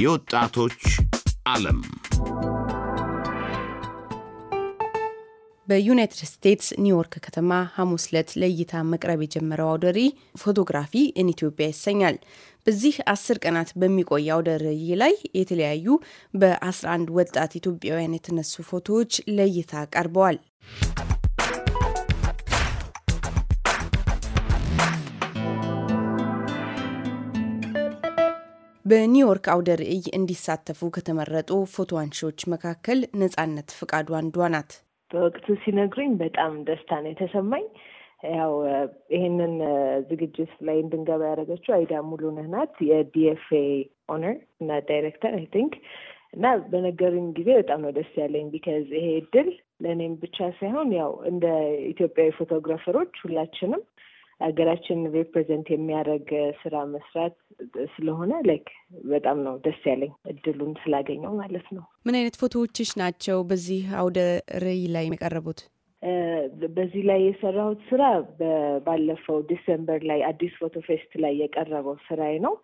የወጣቶች ዓለም በዩናይትድ ስቴትስ ኒውዮርክ ከተማ ሐሙስ ዕለት ለእይታ መቅረብ የጀመረው አውደ ርዕይ ፎቶግራፊ ኢን ኢትዮጵያ ይሰኛል። በዚህ አስር ቀናት በሚቆይ አውደ ርዕይ ላይ የተለያዩ በ11 ወጣት ኢትዮጵያውያን የተነሱ ፎቶዎች ለእይታ ቀርበዋል። በኒውዮርክ አውደ ርዕይ እንዲሳተፉ ከተመረጡ ፎቶ አንሺዎች መካከል ነጻነት ፍቃዱ አንዷ ናት። በወቅቱ ሲነግሩኝ በጣም ደስታ ነው የተሰማኝ። ያው ይሄንን ዝግጅት ላይ እንድንገባ ያደረገችው አይዳ ሙሉነህ ናት። የዲኤፍኤ ኦነር እና ዳይሬክተር አይ ቲንክ እና በነገሩኝ ጊዜ በጣም ነው ደስ ያለኝ። ቢከዝ ይሄ እድል ለእኔም ብቻ ሳይሆን ያው እንደ ኢትዮጵያዊ ፎቶግራፈሮች ሁላችንም ሀገራችን ሪፕሬዘንት የሚያደርግ ስራ መስራት ስለሆነ ላይክ በጣም ነው ደስ ያለኝ እድሉን ስላገኘው ማለት ነው። ምን አይነት ፎቶዎችሽ ናቸው በዚህ አውደ ርዕይ ላይ የቀረቡት? በዚህ ላይ የሰራሁት ስራ ባለፈው ዲሴምበር ላይ አዲስ ፎቶ ፌስት ላይ የቀረበው ስራዬ ነው።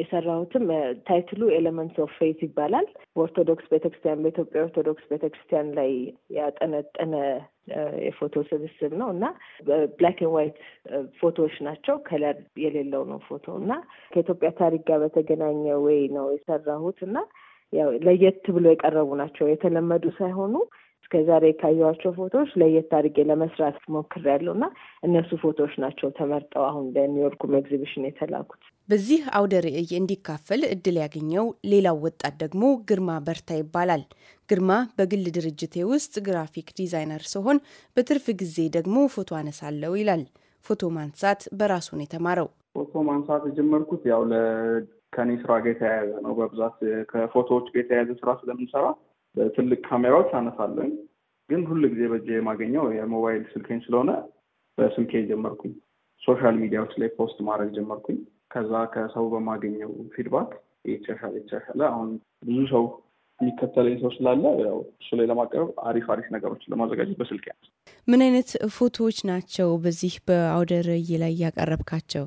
የሰራሁትም ታይትሉ ኤሌመንትስ ኦፍ ፌት ይባላል። በኦርቶዶክስ ቤተክርስቲያን በኢትዮጵያ ኦርቶዶክስ ቤተክርስቲያን ላይ ያጠነጠነ የፎቶ ስብስብ ነው እና ብላክ ኤንድ ዋይት ፎቶዎች ናቸው። ከለር የሌለው ነው ፎቶ እና ከኢትዮጵያ ታሪክ ጋር በተገናኘ ወይ ነው የሰራሁት እና ያው ለየት ብሎ የቀረቡ ናቸው የተለመዱ ሳይሆኑ እስከዛሬ የታዩዋቸው ፎቶዎች ለየት አድርጌ ለመስራት ሞክሬያለሁ እና እነሱ ፎቶዎች ናቸው ተመርጠው አሁን ለኒውዮርኩ ኤግዚቢሽን የተላኩት። በዚህ አውደ ርዕይ እንዲካፈል እድል ያገኘው ሌላው ወጣት ደግሞ ግርማ በርታ ይባላል። ግርማ በግል ድርጅቴ ውስጥ ግራፊክ ዲዛይነር ሲሆን በትርፍ ጊዜ ደግሞ ፎቶ አነሳለው ይላል። ፎቶ ማንሳት በራሱ የተማረው። ፎቶ ማንሳት የጀመርኩት ያው ከኔ ስራ ጋር የተያያዘ ነው። በብዛት ከፎቶዎች ጋር የተያያዘ ስራ ስለምንሰራ በትልቅ ካሜራዎች አነሳለን። ግን ሁል ጊዜ በ የማገኘው የሞባይል ስልኬን ስለሆነ በስልኬ ጀመርኩኝ። ሶሻል ሚዲያዎች ላይ ፖስት ማድረግ ጀመርኩኝ። ከዛ ከሰው በማገኘው ፊድባክ የተሻሻለ የተሻሻለ አሁን ብዙ ሰው የሚከተለኝ ሰው ስላለ ያው እሱ ላይ ለማቀረብ አሪፍ አሪፍ ነገሮችን ለማዘጋጀት በስልክ ያ ምን አይነት ፎቶዎች ናቸው በዚህ በአውደ ርዕይ ላይ ያቀረብካቸው?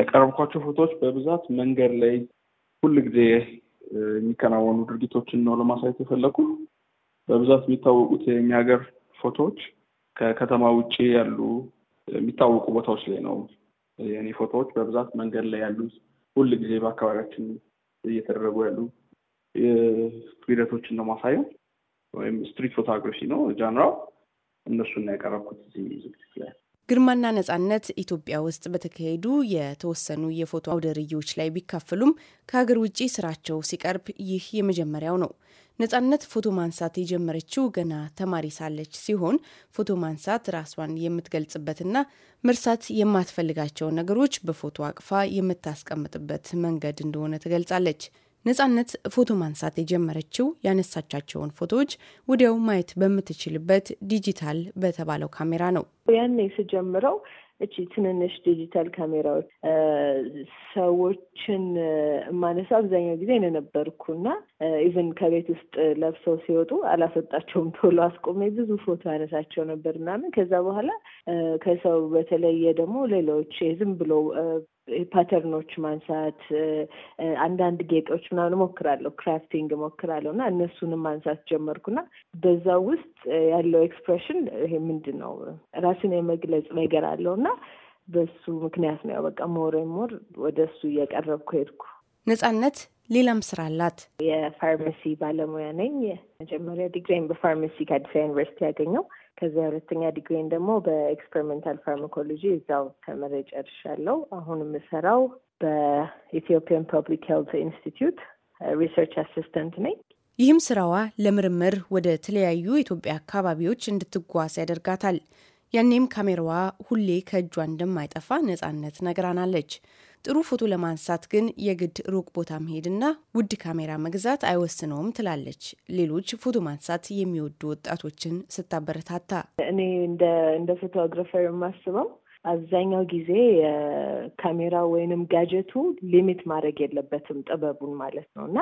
ያቀረብኳቸው ፎቶዎች በብዛት መንገድ ላይ ሁል ጊዜ የሚከናወኑ ድርጊቶችን ነው ለማሳየት የፈለኩ። በብዛት የሚታወቁት የእኛ ሀገር ፎቶዎች ከከተማ ውጭ ያሉ የሚታወቁ ቦታዎች ላይ ነው። የኔ ፎቶዎች በብዛት መንገድ ላይ ያሉ ሁል ጊዜ በአካባቢያችን እየተደረጉ ያሉ ሂደቶችን ነው ማሳየው፣ ወይም ስትሪት ፎቶግራፊ ነው ጃንራው። እነሱ ነው ያቀረብኩት እዚህ ዝግጅት ላይ። ግርማና ነጻነት ኢትዮጵያ ውስጥ በተካሄዱ የተወሰኑ የፎቶ አውደ ርዕዮች ላይ ቢካፈሉም ከሀገር ውጭ ስራቸው ሲቀርብ ይህ የመጀመሪያው ነው። ነጻነት ፎቶ ማንሳት የጀመረችው ገና ተማሪ ሳለች ሲሆን ፎቶ ማንሳት ራሷን የምትገልጽበትና መርሳት የማትፈልጋቸውን ነገሮች በፎቶ አቅፋ የምታስቀምጥበት መንገድ እንደሆነ ትገልጻለች። ነጻነት ፎቶ ማንሳት የጀመረችው ያነሳቻቸውን ፎቶዎች ወዲያው ማየት በምትችልበት ዲጂታል በተባለው ካሜራ ነው። ያኔ ስጀምረው እቺ ትንንሽ ዲጂታል ካሜራዎች ሰዎችን ማነሳ አብዛኛው ጊዜ እኔ ነበርኩና ኢቨን ከቤት ውስጥ ለብሰው ሲወጡ አላስወጣቸውም። ቶሎ አስቆሜ ብዙ ፎቶ ያነሳቸው ነበር ምናምን። ከዛ በኋላ ከሰው በተለየ ደግሞ ሌሎች ዝም ብሎ ፓተርኖች ማንሳት፣ አንዳንድ ጌጦች ምናምን እሞክራለሁ፣ ክራፍቲንግ እሞክራለሁ እና እነሱንም ማንሳት ጀመርኩና በዛ ውስጥ ያለው ኤክስፕሬሽን ይሄ ምንድን ነው ራስን የመግለጽ ነገር አለው እና በሱ ምክንያት ነው ያው በቃ ሞር ሞር ወደ እሱ እየቀረብኩ ሄድኩ። ነጻነት ሌላም ስራ አላት። የፋርማሲ ባለሙያ ነኝ። መጀመሪያ ዲግሪን በፋርማሲ ከአዲስ አበባ ዩኒቨርሲቲ ያገኘው ከዚያ ሁለተኛ ዲግሪን ደግሞ በኤክስፐሪሜንታል ፋርማኮሎጂ እዛው ተምሬ ጨርሻለሁ። አሁን የምሰራው በኢትዮጵያን ፐብሊክ ሄልት ኢንስቲትዩት ሪሰርች አሲስተንት ነኝ። ይህም ስራዋ ለምርምር ወደ ተለያዩ የኢትዮጵያ አካባቢዎች እንድትጓዝ ያደርጋታል። ያኔም ካሜራዋ ሁሌ ከእጇ እንደማይጠፋ ነጻነት ነግራናለች። ጥሩ ፎቶ ለማንሳት ግን የግድ ሩቅ ቦታ መሄድና ውድ ካሜራ መግዛት አይወስነውም ትላለች። ሌሎች ፎቶ ማንሳት የሚወዱ ወጣቶችን ስታበረታታ እኔ እንደ ፎቶግራፈር የማስበው አብዛኛው ጊዜ ካሜራ ወይንም ጋጀቱ ሊሚት ማድረግ የለበትም ጥበቡን ማለት ነው እና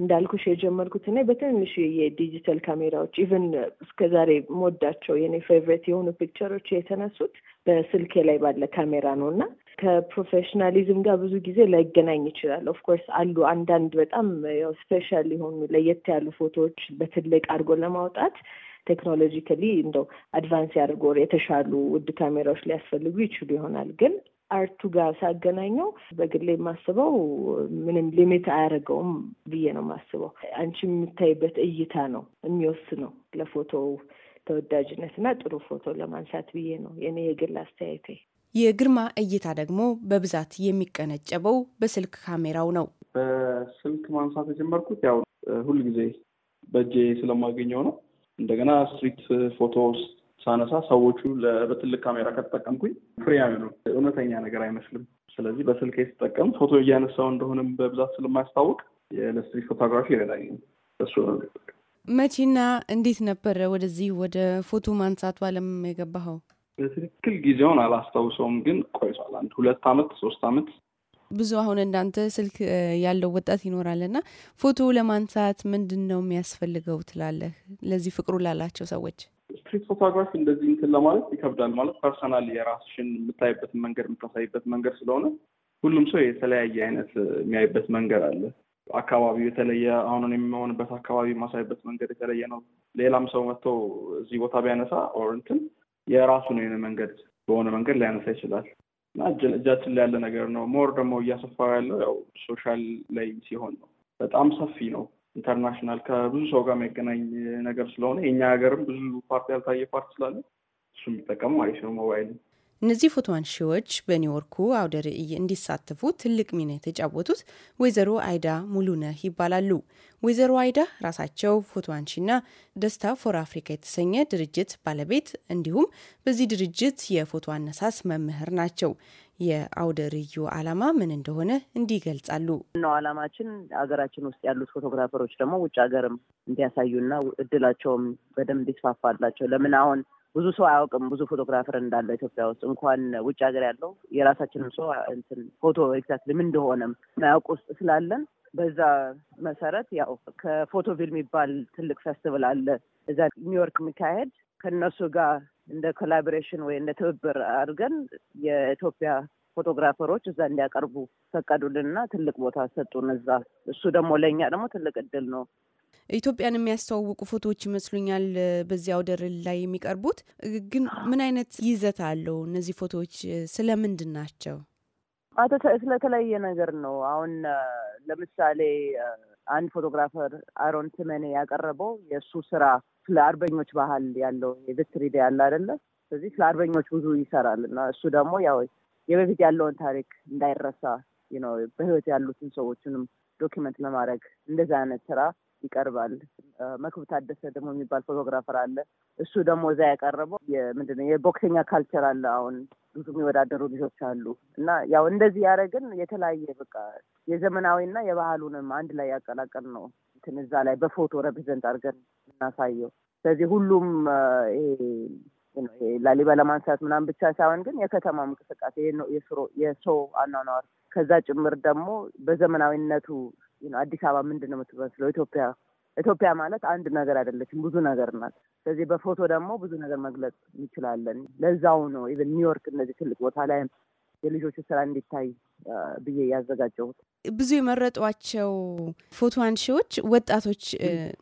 እንዳልኩሽ የጀመርኩት እኔ በትንሽ የዲጂታል ካሜራዎች ኢቨን እስከዛሬ ሞዳቸው የኔ ፌቨሬት የሆኑ ፒክቸሮች የተነሱት በስልኬ ላይ ባለ ካሜራ ነው እና ከፕሮፌሽናሊዝም ጋር ብዙ ጊዜ ላይገናኝ ይችላል። ኦፍኮርስ አሉ አንዳንድ በጣም ያው ስፔሻል የሆኑ ለየት ያሉ ፎቶዎች በትልቅ አድርጎ ለማውጣት ቴክኖሎጂካሊ እንደው አድቫንስ ያደርጉ የተሻሉ ውድ ካሜራዎች ሊያስፈልጉ ይችሉ ይሆናል ግን አርቱ ጋር ሳገናኘው በግሌ የማስበው ምንም ሊሚት አያደርገውም ብዬ ነው የማስበው። አንቺ የምታይበት እይታ ነው የሚወስነው ለፎቶ ተወዳጅነትና ጥሩ ፎቶ ለማንሳት ብዬ ነው የኔ የግል አስተያየቴ። የግርማ እይታ ደግሞ በብዛት የሚቀነጨበው በስልክ ካሜራው ነው። በስልክ ማንሳት የጀመርኩት ያው ሁልጊዜ በእጄ ስለማገኘው ነው። እንደገና ስትሪት ፎቶስ ሳነሳ ሰዎቹ በትልቅ ካሜራ ከተጠቀምኩኝ ፍሬያዊ ነው፣ እውነተኛ ነገር አይመስልም። ስለዚህ በስልክ የተጠቀም ፎቶ እያነሳው እንደሆነም በብዛት ስለማያስታውቅ ለስትሪት ፎቶግራፊ ይረዳኝ እሱ ነው። መቼና እንዴት ነበረ ወደዚህ ወደ ፎቶ ማንሳቱ አለም የገባኸው? በትክክል ጊዜውን አላስታውሰውም፣ ግን ቆይቷል። አንድ ሁለት አመት ሶስት አመት ብዙ አሁን እንዳንተ ስልክ ያለው ወጣት ይኖራልና ፎቶ ለማንሳት ምንድን ነው የሚያስፈልገው ትላለህ? ለዚህ ፍቅሩ ላላቸው ሰዎች ስትሪት ፎቶግራፊ እንደዚህ እንትን ለማለት ይከብዳል። ማለት ፐርሰናል የራስሽን የምታይበት መንገድ የምታሳይበት መንገድ ስለሆነ ሁሉም ሰው የተለያየ አይነት የሚያይበት መንገድ አለ። አካባቢው የተለየ አሁን የሚሆንበት አካባቢ የማሳይበት መንገድ የተለየ ነው። ሌላም ሰው መጥቶ እዚህ ቦታ ቢያነሳ ኦር እንትን የራሱን የሆነ መንገድ በሆነ መንገድ ሊያነሳ ይችላል። እና እጃችን ላይ ያለ ነገር ነው። ሞር ደግሞ እያሰፋው ያለው ያው ሶሻል ላይ ሲሆን ነው። በጣም ሰፊ ነው። ኢንተርናሽናል ከብዙ ሰው ጋር የሚያገናኝ ነገር ስለሆነ የኛ ሀገርም ብዙ ፓርቲ ያልታየ ፓርቲ ስላለ እሱ የሚጠቀሙ አሪፍ ነው ሞባይል እነዚህ ፎቶ አንሺዎች በኒውዮርኩ አውደ ርዕይ እንዲሳተፉ ትልቅ ሚና የተጫወቱት ወይዘሮ አይዳ ሙሉነህ ይባላሉ። ወይዘሮ አይዳ ራሳቸው ፎቶ አንሺና ደስታ ፎር አፍሪካ የተሰኘ ድርጅት ባለቤት እንዲሁም በዚህ ድርጅት የፎቶ አነሳስ መምህር ናቸው። የአውደ ርዕዩ ዓላማ ምን እንደሆነ እንዲህ ይገልጻሉ። ነው ዓላማችን ሀገራችን ውስጥ ያሉት ፎቶግራፈሮች ደግሞ ውጭ ሀገርም እንዲያሳዩና እድላቸውም በደንብ እንዲስፋፋላቸው ለምን አሁን ብዙ ሰው አያውቅም። ብዙ ፎቶግራፈር እንዳለ ኢትዮጵያ ውስጥ እንኳን ውጭ ሀገር ያለው የራሳችንም ሰው እንትን ፎቶ ኤግዛክትሊ ምን እንደሆነም ማያውቅ ውስጥ ስላለን በዛ መሰረት ያው ቪል የሚባል ትልቅ ፌስቲቫል አለ እዛ ኒውዮርክ የሚካሄድ ከእነሱ ጋር እንደ ኮላቦሬሽን ወይ እንደ ትብብር አድርገን የኢትዮጵያ ፎቶግራፈሮች እዛ እንዲያቀርቡ ፈቀዱልንና ትልቅ ቦታ ሰጡን። እዛ እሱ ደግሞ ለእኛ ደግሞ ትልቅ እድል ነው። ኢትዮጵያን የሚያስተዋውቁ ፎቶዎች ይመስሉኛል በዚህ አውደር ላይ የሚቀርቡት። ግን ምን አይነት ይዘት አለው? እነዚህ ፎቶዎች ስለምንድን ናቸው? ስለተለያየ ነገር ነው። አሁን ለምሳሌ አንድ ፎቶግራፈር አሮን ትመኔ ያቀረበው የእሱ ስራ ስለ አርበኞች ባህል ያለው የቪክትሪ ያለ አደለ ስለዚህ ስለ አርበኞች ብዙ ይሰራል እና እሱ ደግሞ ያው የበፊት ያለውን ታሪክ እንዳይረሳ ነው በህይወት ያሉትን ሰዎችንም ዶኪመንት ለማድረግ እንደዚህ አይነት ስራ ይቀርባል። መክብ ታደሰ ደግሞ የሚባል ፎቶግራፈር አለ። እሱ ደግሞ እዛ ያቀረበው ምንድነው የቦክሰኛ ካልቸር አለ። አሁን ብዙ የሚወዳደሩ ልጆች አሉ እና ያው እንደዚህ ያደረግን የተለያየ በቃ የዘመናዊና የባህሉንም አንድ ላይ ያቀላቀል ነው እንትን እዛ ላይ በፎቶ ረፕሬዘንት አድርገን እናሳየው። ስለዚህ ሁሉም ላሊበላ ማንሳት ምናምን ብቻ ሳይሆን ግን የከተማው እንቅስቃሴ የሰው አኗኗር ከዛ ጭምር ደግሞ በዘመናዊነቱ አዲስ አበባ ምንድን ነው የምትመስለው? ኢትዮጵያ ኢትዮጵያ ማለት አንድ ነገር አይደለችም፣ ብዙ ነገር ናት። ስለዚህ በፎቶ ደግሞ ብዙ ነገር መግለጽ እንችላለን። ለዛው ነው ኢቨን ኒውዮርክ እነዚህ ትልቅ ቦታ ላይ የልጆቹ ስራ እንዲታይ ብዬ ያዘጋጀሁት። ብዙ የመረጧቸው ፎቶ አንሺዎች ወጣቶች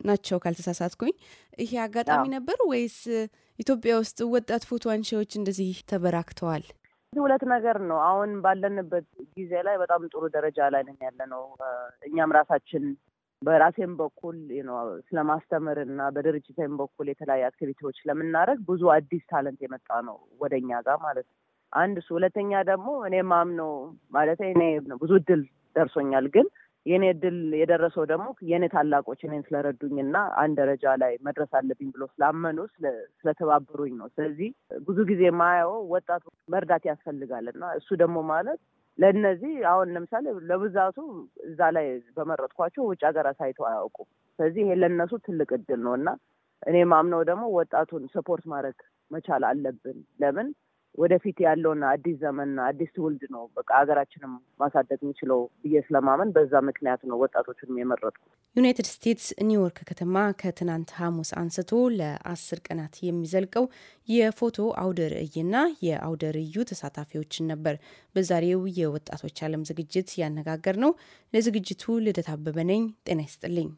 ናቸው ካልተሳሳትኩኝ። ይሄ አጋጣሚ ነበር ወይስ ኢትዮጵያ ውስጥ ወጣት ፎቶ አንሺዎች እንደዚህ ተበራክተዋል? ሁለት ነገር ነው። አሁን ባለንበት ጊዜ ላይ በጣም ጥሩ ደረጃ ላይ ነን ያለ ነው። እኛም ራሳችን በራሴም በኩል ስለማስተምር እና በድርጅቴም በኩል የተለያዩ አክቲቪቲዎች ስለምናደርግ ብዙ አዲስ ታለንት የመጣ ነው ወደ እኛ ጋር ማለት ነው። አንድ እሱ፣ ሁለተኛ ደግሞ እኔ ማምነው ማለት እኔ ብዙ እድል ደርሶኛል ግን የኔ እድል የደረሰው ደግሞ የኔ ታላቆች እኔን ስለረዱኝና አንድ ደረጃ ላይ መድረስ አለብኝ ብሎ ስላመኑ ስለተባበሩኝ ነው። ስለዚህ ብዙ ጊዜ ማየው ወጣቱ መርዳት ያስፈልጋል እና እሱ ደግሞ ማለት ለእነዚህ አሁን ለምሳሌ ለብዛቱ እዛ ላይ በመረጥኳቸው ውጭ ሀገር አሳይተው አያውቁም። ስለዚህ ይሄ ለእነሱ ትልቅ እድል ነው እና እኔ ማምነው ደግሞ ወጣቱን ሰፖርት ማድረግ መቻል አለብን። ለምን ወደፊት ያለውን አዲስ ዘመን አዲስ ትውልድ ነው በቃ ሀገራችንም ማሳደግ የሚችለው ብዬ ስለማመን በዛ ምክንያት ነው ወጣቶችንም የመረጥኩት። ዩናይትድ ስቴትስ ኒውዮርክ ከተማ ከትናንት ሐሙስ አንስቶ ለአስር ቀናት የሚዘልቀው የፎቶ አውደ ርዕይና የአውደ ርዕዩ ተሳታፊዎችን ነበር በዛሬው የወጣቶች ዓለም ዝግጅት ያነጋገር ነው። ለዝግጅቱ ልደት አበበ ነኝ። ጤና ይስጥልኝ።